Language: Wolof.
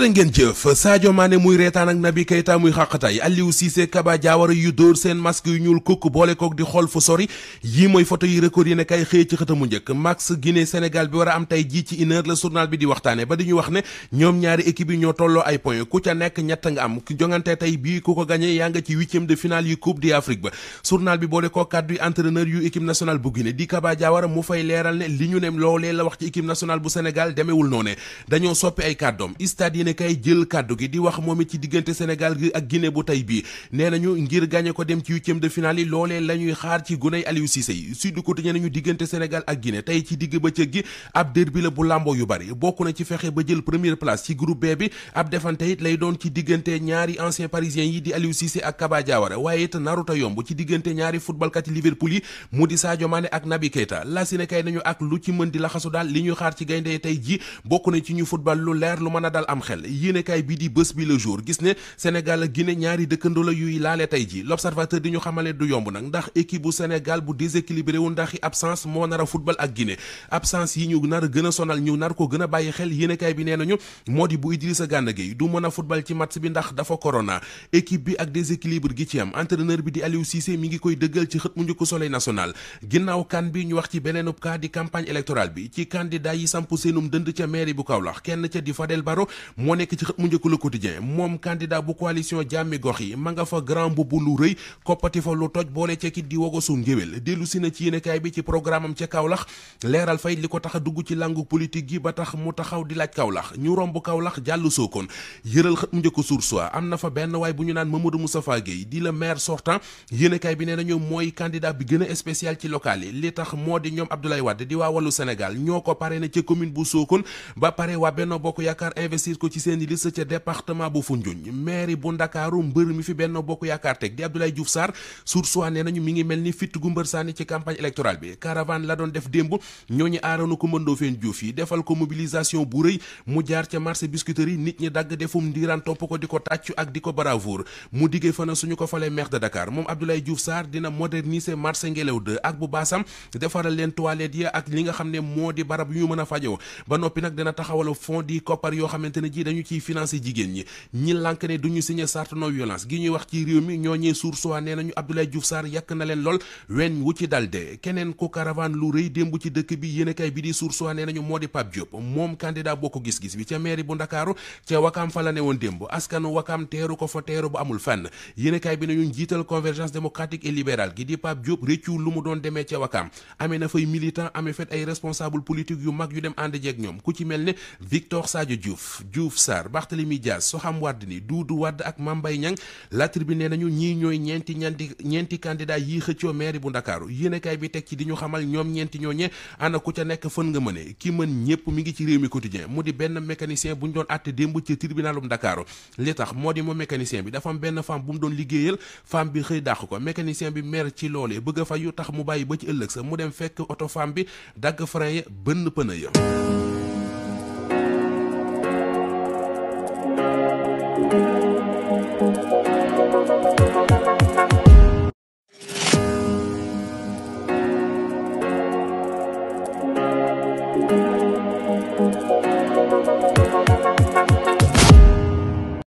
jërë ngeen jëf muy reetaan ak Naby Keita muy xàqatay Aliou Cissé Kaba yu dóor seen masque yu ñuul kukk boole kook di xool fu sori yi mooy photo yi record yi ne kay xëy ci xëtamu njëkk max Guinée Sénégal bi war a am tey jii ci une la journal bi di waxtaane ba di ñu wax ne ñoom ñaari équipe yi ñoo tolloo ay point ku ca nekk ñett nga am jongante tey bii ku ko gagné yaa nga ci huitième de finale yu coupe d'Afrique ba journal bi boole koo kàddu yéenekaay jël kàddu gi di wax moom it ci diggante Sénégal gi ak gine bu tey bii nee ñu ngir gagné ko dem ci huitième de finale yi loolee la ñuy xaar ci guney Aliou Cissé yi Sud Quotidien nañu diggante Sénégal ak Guinée tey ci digg bëccëg gi ab derby la bu yu bari bokk na ci fexe ba jël première place ci groupe B lay doon ci diggante ñaari ancien parisien yi di Aliou Cissé ak Kaba Diawara waaye it naruta yomb ci diggante ñaari footballkat yi Liverpool yi mu di Sadio Mané ak Naby Keita la Sénégal nañu ak lu ci mën di laxasu daal li ñu xaar ci gaynde tey ji bokk na ci ñu football lu leer lu mën a dal am xel mel yéenekaay bi di bés bi le jour gis ne senegal ak gine ñaari dëkkandoo la yuy laale tey ji l'observateur di ñu xamale du yomb nag ndax équipe bu Sénégal bu déséquilibré wu ndax i absence moo nara a football ak Guinée absence yi ñu nar a gën a sonal ñu nar ko gën a bàyyi xel yéenekaay bi nee nañu moo di bu Idrissa Gana Gueye du mën a football ci match bi ndax dafa corona équipe bi ak déséquilibre gi ci am entreneur bi di Aliou Cissé mi ngi koy dëggal ci xët mu njëkk Soleil national ginnaaw kan bi ñu wax ci beneenub cas di campagne électorale bi ci candidat yi samp seenum dënd ca bu Kaolack kenn ca di Fadel Baro moo nekk ci xët mu njëkk Le Quotidien moom candidat bu coalition jàmmi gox yi ma nga fa grand bubbu lu rëy koppati fa lu toj boole ca kit di wogo suum ngéwél dellu si na ci yéenekaay bi ci programme am ca Kaolack leeral fay li ko tax a dugg ci langu politique gi ba tax mu taxaw di laaj Kaolack ñu romb Kaolack jàll Sokone yëral xët mu njëkk Source am na fa benn waay bu ñu naan Mamadou Moustapha Guèye di le maire sortant yéenekaay bi nee nañu mooy candidat bi gën a ci local yi li tax moo di ñoom Abdoulaye Wade di waa wàllu Sénégal ñoo ko pare na ca commune bu Sokone ba pare waa Benno Bokk Yaakaar investir ko ci seen liste ca département bu Foundiougne maire bu Ndakaaru mbër mi fi Benno Bokk Yaakaar teg di Abdoulaye Diouf Sarr sursoit nee nañu mi ngi mel ni fitt gu mbër sànni ci campagne électorale bi caravane la doon def démb ñooñu aaranu ko mëndoo feen Diouf yi defal ko mobilisation bu rëy mu jaar ca marché biscuiterie nit ñi dagg defum ndiiraan topp ko di ko tàccu ak di ko bravoure mu diggee fana suñu ko falee maire de Dakar moom Abdoulaye Diouf Sarr dina moderniser marché Ngelaw 2 ak bu baasam defaral leen toilette ak li nga xam ne moo di barab yu mën a fajoo ba noppi nag dina taxawal fond di koppar yoo xamante ne ji dañu ciy financé jigéen ñi ñi lànk ne duñu signé charte non violence gi ñuy wax ci réew mi ñoo ñee suur soi nee nañu Abdoulaye Diouf Sarr yàq na leen lool wen wu ci dalde keneen ku caravane lu rëy démb ci dëkk bi yéenekaay bi di suur soi nee nañu moo di Pape Diop moom candidat bokk gis-gis bi ca mairie bu Ndakaaru ca Wakaam fa la ne woon démb askanu Wakaam teeru ko fa teeru bu amul fenn yéenekaay bi nañu njiital convergence démocratique et libérale gi di Pape Diop réccu lu mu doon demee ca Wakaam amee na fay militant amee fet ay yu mag yu dem ànd jeeg ñoom ku ci mel ne Victor Sadio Diouf Sarr Barthélémy Dias Soham Wardini Doudou Wade ak Mame Mbaye Niang La Tribune nee nañu ñii ñooy ñeenti ñeenti ñeenti candidat yii xëccoo maire bu Ndakaaru yenekaay bi teg ci di ñu xamal ñoom ñeenti ñooñe ana ku ca nekk fën nga mëne ki mën ñëpp mu ngi ci réew mi quotidien mu di benn mécanicien bu ñu doon àtte démb ci tribunalum Ndakaaru li tax moo di moom mécanicien bi dafa am benn femme bu mu doon liggéeyal femme bi xëy dàq ko mécanicien bi mer ci loolee bëgg a yu tax mu bàyyi ba ci ëllëg sa mu dem fekk oto femme bi dagg frein ya bënn pëna ya thank you